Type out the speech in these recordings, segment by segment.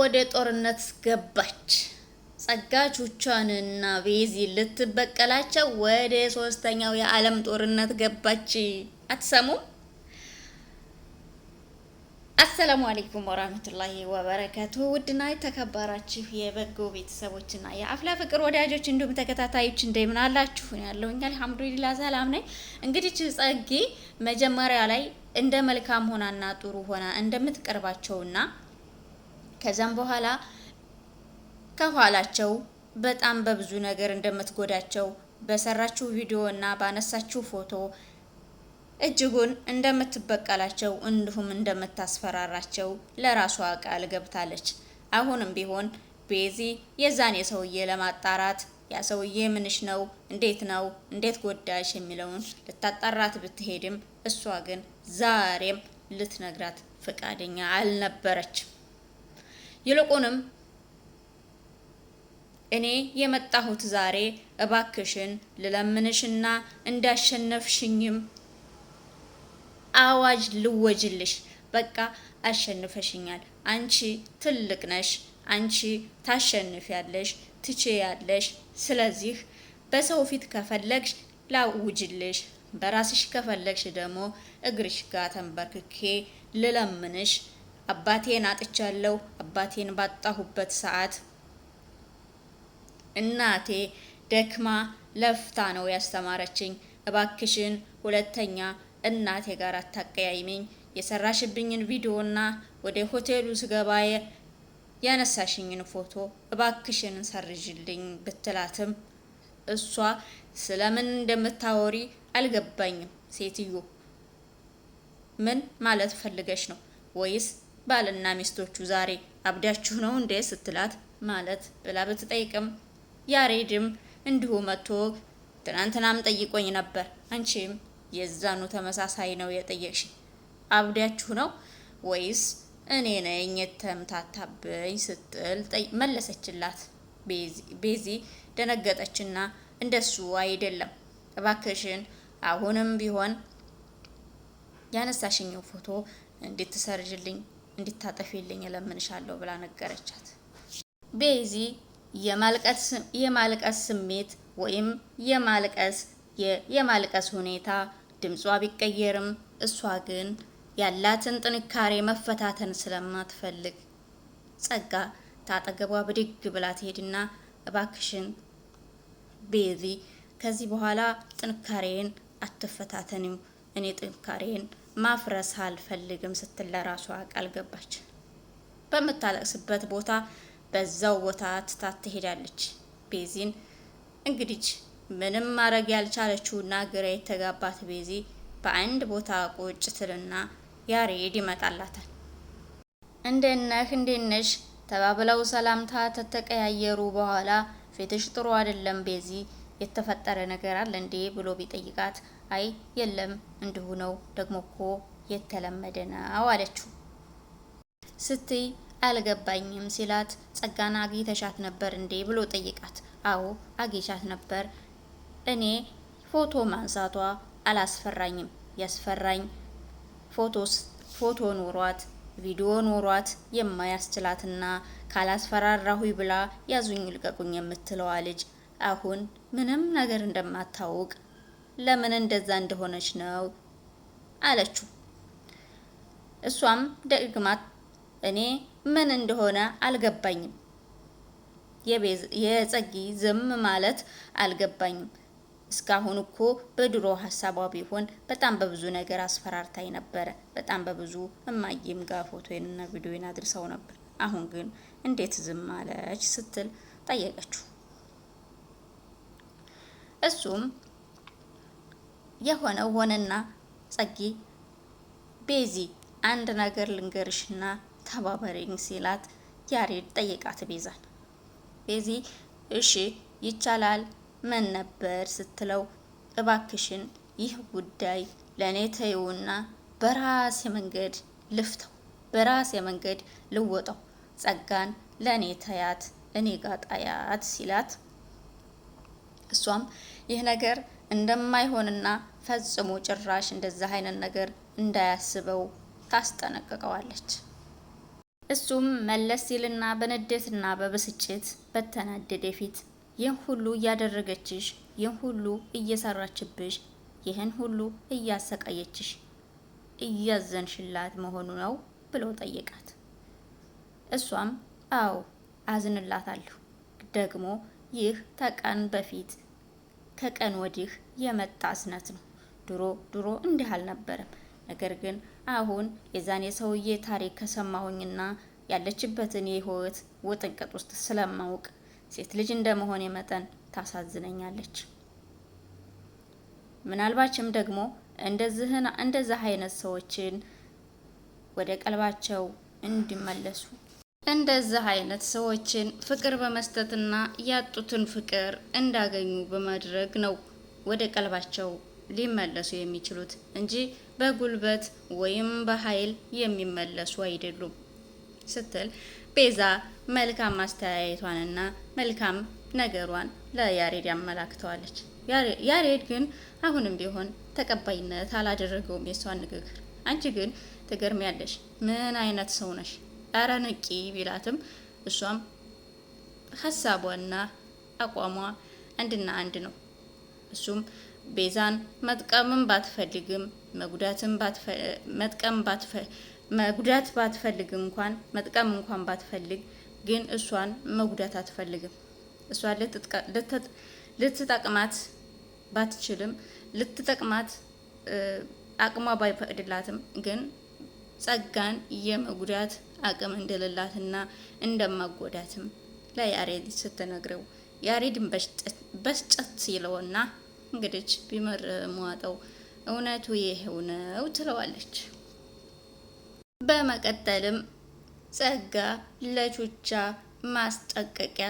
ወደ ጦርነት ገባች። ጸጋ ቹቻንና ቤዚ ልትበቀላቸው ወደ ሶስተኛው የዓለም ጦርነት ገባች። አትሰሙም? አሰላሙ አሌይኩም ወራህመቱላሂ ወበረከቱ። ውድና የተከበራችሁ የበጎ ቤተሰቦችና የአፍላ ፍቅር ወዳጆች እንዲሁም ተከታታዮች እንደምን አላችሁ? ያለሁኝ አልሐምዱሊላ ሰላም ነኝ። እንግዲህ ጸጌ መጀመሪያ ላይ እንደ መልካም ሆናና ጥሩ ሆና እንደምትቀርባቸውና ከዛም በኋላ ከኋላቸው በጣም በብዙ ነገር እንደምትጎዳቸው በሰራችሁ ቪዲዮ እና ባነሳችሁ ፎቶ እጅጉን እንደምትበቀላቸው እንዲሁም እንደምታስፈራራቸው ለራሷ ቃል ገብታለች። አሁንም ቢሆን ቤዚ የዛን የሰውዬ ለማጣራት ያ ሰውዬ ምንሽ ነው? እንዴት ነው? እንዴት ጎዳሽ? የሚለውን ልታጣራት ብትሄድም እሷ ግን ዛሬም ልትነግራት ፈቃደኛ አልነበረች። ይልቁንም እኔ የመጣሁት ዛሬ እባክሽን ልለምንሽና እንዳሸነፍሽኝም አዋጅ ልወጅልሽ። በቃ አሸንፈሽኛል። አንቺ ትልቅ ነሽ። አንቺ ታሸንፊያለሽ፣ ትችያለሽ። ስለዚህ በሰው ፊት ከፈለግሽ ላውጅልሽ፣ በራስሽ ከፈለግሽ ደግሞ እግርሽ ጋር ተንበርክኬ ልለምንሽ አባቴን አጥቻለሁ። አባቴን ባጣሁበት ሰዓት እናቴ ደክማ ለፍታ ነው ያስተማረችኝ። እባክሽን ሁለተኛ እናቴ ጋር አታቀያይሚኝ። የሰራሽብኝን ቪዲዮና ወደ ሆቴሉ ስገባ ያነሳሽኝን ፎቶ እባክሽን ሰርዥልኝ ብትላትም እሷ ስለምን እንደምታወሪ አልገባኝም። ሴትዮ ምን ማለት ፈልገሽ ነው? ወይስ ባልና ሚስቶቹ ዛሬ አብዳችሁ ነው እንዴ ስትላት ማለት ብላ ብትጠይቅም ያሬድም እንዲሁ መጥቶ ትናንትናም ጠይቆኝ ነበር፣ አንቺም የዛኑ ተመሳሳይ ነው የጠየቅሽ። አብዳችሁ ነው ወይስ እኔ ነኝ የተምታታብኝ ስትል መለሰችላት። ቤዚ ደነገጠችና እንደሱ አይደለም እባክሽን አሁንም ቢሆን ያነሳሽኝው ፎቶ እንድትሰርዥልኝ እንድታጠፊልኝ እለምንሻለሁ ብላ ነገረቻት። ቤዚ የማልቀስ ስሜት ወይም የማልቀስ የማልቀስ ሁኔታ ድምጿ ቢቀየርም እሷ ግን ያላትን ጥንካሬ መፈታተን ስለማትፈልግ ጸጋ ታጠገቧ ብድግ ብላ ትሄድና እባክሽን ቤዚ ከዚህ በኋላ ጥንካሬን አትፈታተንም። እኔ ጥንካሬን ማፍረስ አልፈልግም ስትል ለራሷ ቃል ገባች። በምታለቅስበት ቦታ በዛው ቦታ ትታት ትሄዳለች። ቤዚን እንግዲች ምንም ማድረግ ያልቻለችውና ግራ የተጋባት ቤዚ በአንድ ቦታ ቁጭ ትልና ያሬድ ይመጣላታል። እንዴት ነህ ነሽ ተባብለው ሰላምታ ተተቀያየሩ በኋላ ፊትሽ ጥሩ አይደለም ቤዚ፣ የተፈጠረ ነገር አለ እንዴ ብሎ ቢጠይቃት አይ የለም እንዲሁ ነው ደግሞ እኮ የተለመደ ነው አለችው። ስትይ አልገባኝም ሲላት ጸጋን አግኝተሻት ነበር እንዴ ብሎ ጠይቃት። አዎ አግኝቻት ነበር። እኔ ፎቶ ማንሳቷ አላስፈራኝም። ያስፈራኝ ፎቶ ኖሯት ቪዲዮ ኖሯት የማያስችላትና ካላስፈራራሁ ብላ ያዙኝ ልቀቁኝ የምትለዋ ልጅ አሁን ምንም ነገር እንደማታውቅ ለምን እንደዛ እንደሆነች ነው አለችው። እሷም ደግማት እኔ ምን እንደሆነ አልገባኝም፣ የጸጊ ዝም ማለት አልገባኝም። እስካሁን እኮ በድሮ ሀሳቧ ቢሆን በጣም በብዙ ነገር አስፈራርታኝ ነበረ። በጣም በብዙ እማዬም ጋር ፎቶዬንና ቪዲዮዬን አድርሰው ነበር። አሁን ግን እንዴት ዝም አለች ስትል ጠየቀችው። እሱም የሆነው ሆነና ጸጊ ቤዚ አንድ ነገር ልንገርሽና ተባበሪኝ ሲላት ያሬድ ጠየቃት ቤዛን። ቤዚ እሺ ይቻላል ምን ነበር ስትለው እባክሽን ይህ ጉዳይ ለእኔ ተይውና በራሴ መንገድ ልፍተው በራሴ መንገድ ልወጠው ጸጋን ለእኔ ተያት እኔ ጋጣያት ሲላት እሷም ይህ ነገር እንደማይሆንና ፈጽሞ ጭራሽ እንደዛ አይነት ነገር እንዳያስበው ታስጠነቅቀዋለች። እሱም መለስ ሲልና በንዴትና በብስጭት በተናደደ ፊት ይህን ሁሉ እያደረገችሽ፣ ይህን ሁሉ እየሰራችብሽ፣ ይህን ሁሉ እያሰቃየችሽ እያዘንሽላት መሆኑ ነው ብሎ ጠየቃት። እሷም አዎ አዝንላታለሁ፣ ደግሞ ይህ ከቀን በፊት ከቀን ወዲህ የመጣ እስነት ነው። ድሮ ድሮ እንዲህ አልነበረም። ነገር ግን አሁን የዛን የሰውዬ ታሪክ ከሰማሁኝና ያለችበትን የህይወት ውጥንቅጥ ውስጥ ስለማውቅ ሴት ልጅ እንደመሆን የመጠን ታሳዝነኛለች። ምናልባችም ደግሞ እንደዚህ አይነት ሰዎችን ወደ ቀልባቸው እንዲመለሱ እንደዚህ አይነት ሰዎችን ፍቅር በመስጠትና ያጡትን ፍቅር እንዳገኙ በማድረግ ነው ወደ ቀልባቸው ሊመለሱ የሚችሉት እንጂ በጉልበት ወይም በኃይል የሚመለሱ አይደሉም ስትል ቤዛ መልካም አስተያየቷንና መልካም ነገሯን ለያሬድ ያመላክተዋለች። ያሬድ ግን አሁንም ቢሆን ተቀባይነት አላደረገውም የሷን ንግግር። አንቺ ግን ትገርሚያለሽ፣ ምን አይነት ሰው ነሽ? ኧረ ንቂ ቢላትም እሷም ሀሳቧና አቋሟ አንድና አንድ ነው። እሱም ቤዛን መጥቀምም ባትፈልግም መጉዳትም መጥቀም መጉዳት ባትፈልግ እንኳን መጥቀም እንኳን ባትፈልግ ግን እሷን መጉዳት አትፈልግም። እሷን ልትጠቅማት ባትችልም ልትጠቅማት አቅሟ ባይፈቅድላትም ግን ጸጋን የመጉዳት አቅም እንደሌላትና እንደማጎዳትም ለያሬድ ስትነግረው ያሬድን በስጨት ይለውና እንግዲች ቢመር መዋጠው እውነቱ ይሄው ነው ትለዋለች። በመቀጠልም ጸጋ ለቹቻ ማስጠንቀቂያ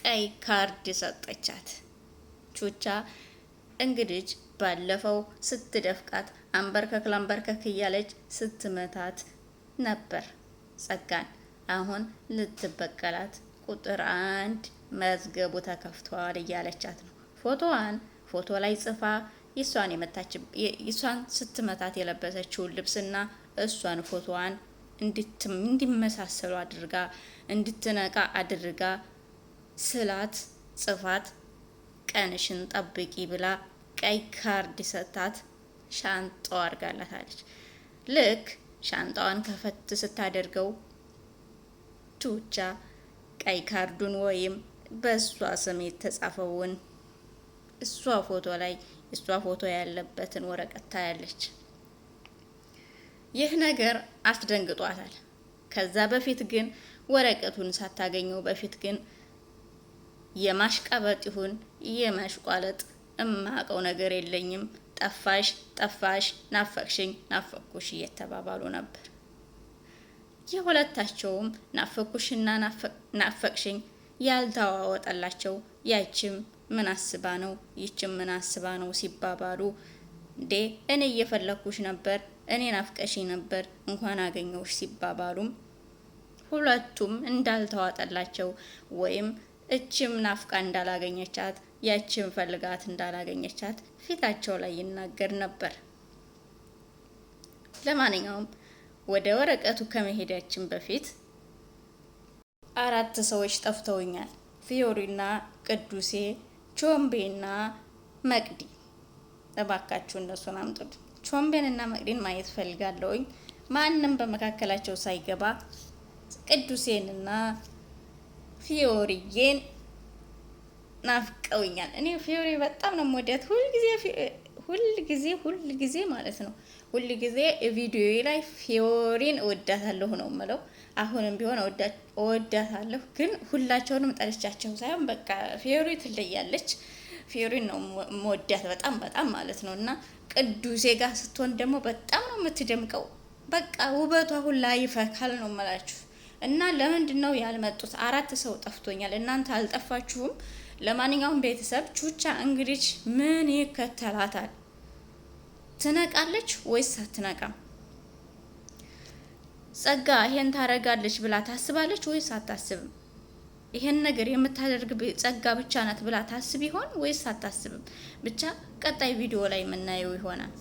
ቀይ ካርድ ሰጠቻት። ቹቻ እንግዲህ ባለፈው ስትደፍቃት አንበርከክ ላንበርከክ እያለች ስትመታት ነበር ጸጋን። አሁን ልትበቀላት ቁጥር አንድ መዝገቡ ተከፍቷል እያለቻት ነው። ፎቶዋን ፎቶ ላይ ጽፋ ይሷን የመታች ይሷን ስትመታት የለበሰችውን ልብስና እሷን ፎቶዋን እንዲመሳሰሉ አድርጋ እንድትነቃ አድርጋ ስላት ጽፋት ቀንሽን ጠብቂ ብላ ቀይ ካርድ ሰጥታት ሻንጣው አድርጋላታለች። ልክ ሻንጣዋን ከፈት ስታደርገው ቱቻ ቀይ ካርዱን ወይም በእሷ ስም የተጻፈውን እሷ ፎቶ ላይ እሷ ፎቶ ያለበትን ወረቀት ታያለች። ይህ ነገር አስደንግጧታል። ከዛ በፊት ግን ወረቀቱን ሳታገኘው በፊት ግን የማሽቀበጥ ይሁን የማሽቋለጥ እማቀው ነገር የለኝም፣ ጠፋሽ ጠፋሽ፣ ናፈቅሽኝ ናፈቅኩሽ እየተባባሉ ነበር። የሁለታቸውም ናፈቅኩሽና ናፈቅሽኝ ያልተዋወጠላቸው ያችም ምን አስባ ነው ይችም ምን አስባ ነው ሲባባሉ፣ እንዴ እኔ እየፈለኩሽ ነበር፣ እኔ ናፍቀሽኝ ነበር፣ እንኳን አገኘውሽ ሲባባሉም ሁለቱም እንዳልተዋጠላቸው ወይም እችም ናፍቃ እንዳላገኘቻት ያችን ፈልጋት እንዳላገኘቻት ፊታቸው ላይ ይናገር ነበር። ለማንኛውም ወደ ወረቀቱ ከመሄዳችን በፊት አራት ሰዎች ጠፍተውኛል። ፊዮሪና፣ ቅዱሴ፣ ቾምቤና መቅዲ እባካችሁ እነሱን አምጡት። ቾምቤንና መቅዲን ማየት ፈልጋለሁኝ። ማንም በመካከላቸው ሳይገባ ቅዱሴንና ፊዮሪዬን ናፍቀውኛል። እኔ ፊዮሪ በጣም ነው የምወዳት። ሁልጊዜ ሁል ጊዜ ማለት ነው ሁል ጊዜ ቪዲዮ ላይ ፊዮሪን እወዳታለሁ ነው የምለው። አሁንም ቢሆን እወዳታለሁ፣ ግን ሁላቸውንም ጠልቻቸው ሳይሆን በቃ ፊዮሪ ትለያለች። ፊዮሪን ነው መወዳት በጣም በጣም ማለት ነው። እና ቅዱሴ ጋር ስትሆን ደግሞ በጣም ነው የምትደምቀው። በቃ ውበቷ ላይ ይፈካል ነው የምላችሁ። እና ለምንድን ነው ያልመጡት? አራት ሰው ጠፍቶኛል። እናንተ አልጠፋችሁም? ለማንኛውም ቤተሰብ ቹቻ እንግዲህ ምን ይከተላታል? ትነቃለች ወይስ አትነቃም? ጸጋ ይሄን ታረጋለች ብላ ታስባለች ወይስ አታስብም? ይሄን ነገር የምታደርግ ጸጋ ብቻ ናት ብላ ታስብ ይሆን ወይስ አታስብም? ብቻ ቀጣይ ቪዲዮ ላይ የምናየው ይሆናል።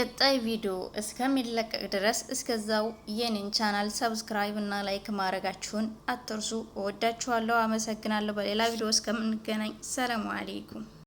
ቀጣይ ቪዲዮ እስከሚለቀቅ ድረስ እስከዛው የኔን ቻናል ሰብስክራይብ እና ላይክ ማድረጋችሁን አትርሱ። እወዳችኋለሁ፣ አመሰግናለሁ። በሌላ ቪዲዮ እስከምንገናኝ ሰላም አሌይኩም።